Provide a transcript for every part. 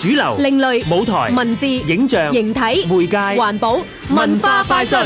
主流、另類舞台、文字、影像、形體、媒介、環保、文化快訊。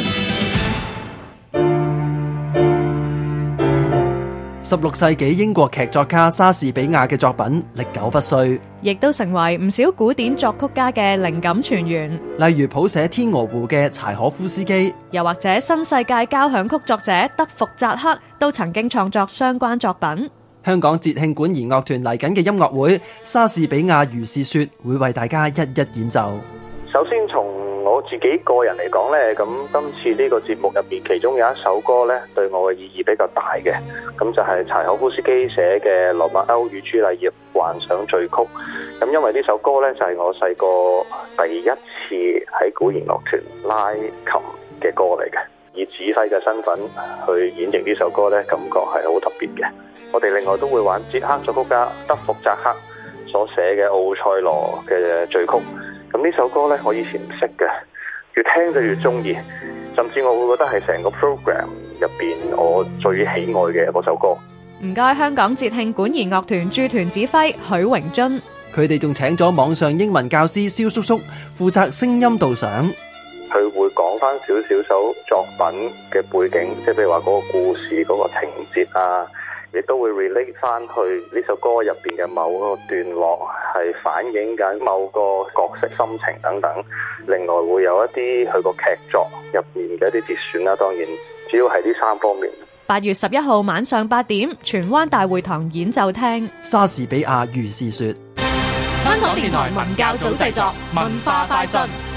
十六世紀英國劇作家莎士比亞嘅作品歷久不衰，亦都成為唔少古典作曲家嘅靈感泉源。例如譜寫《天鵝湖》嘅柴可夫斯基，又或者新世界交響曲作者德福扎克都曾經創作相關作品。香港節慶管弦樂團嚟緊嘅音樂會《莎士比亞如是說》會為大家一一演奏。首先從我自己個人嚟講呢，咁今次呢個節目入面，其中有一首歌呢，對我嘅意義比較大嘅，咁就係柴可夫斯基寫嘅《羅密歐與朱麗葉幻想序曲》。咁因為呢首歌呢，就係我細個第一次喺管弦樂團拉琴嘅歌嚟嘅。指揮嘅身份去演繹呢首歌呢，感覺係好特別嘅。我哋另外都會玩捷克作曲家德福扎克所寫嘅奧塞羅嘅序曲。咁呢首歌呢，我以前唔識嘅，越聽就越中意，甚至我會覺得係成個 program 入邊我最喜愛嘅嗰首歌。唔該，香港節慶管弦樂團駐團駐團指揮許榮津。佢哋仲請咗網上英文教師蕭叔叔叔負責聲音導賞。翻少少首作品嘅背景，即係譬如話嗰個故事、嗰個情節啊，亦都會 relate 翻去呢首歌入邊嘅某個段落，係反映緊某個角色心情等等。另外會有一啲佢個劇作入邊嘅一啲節選啦。當然，主要係呢三方面。八月十一號晚上八點，荃灣大會堂演奏廳，莎士比亞如是說。香港電台文教組製作，文化快訊。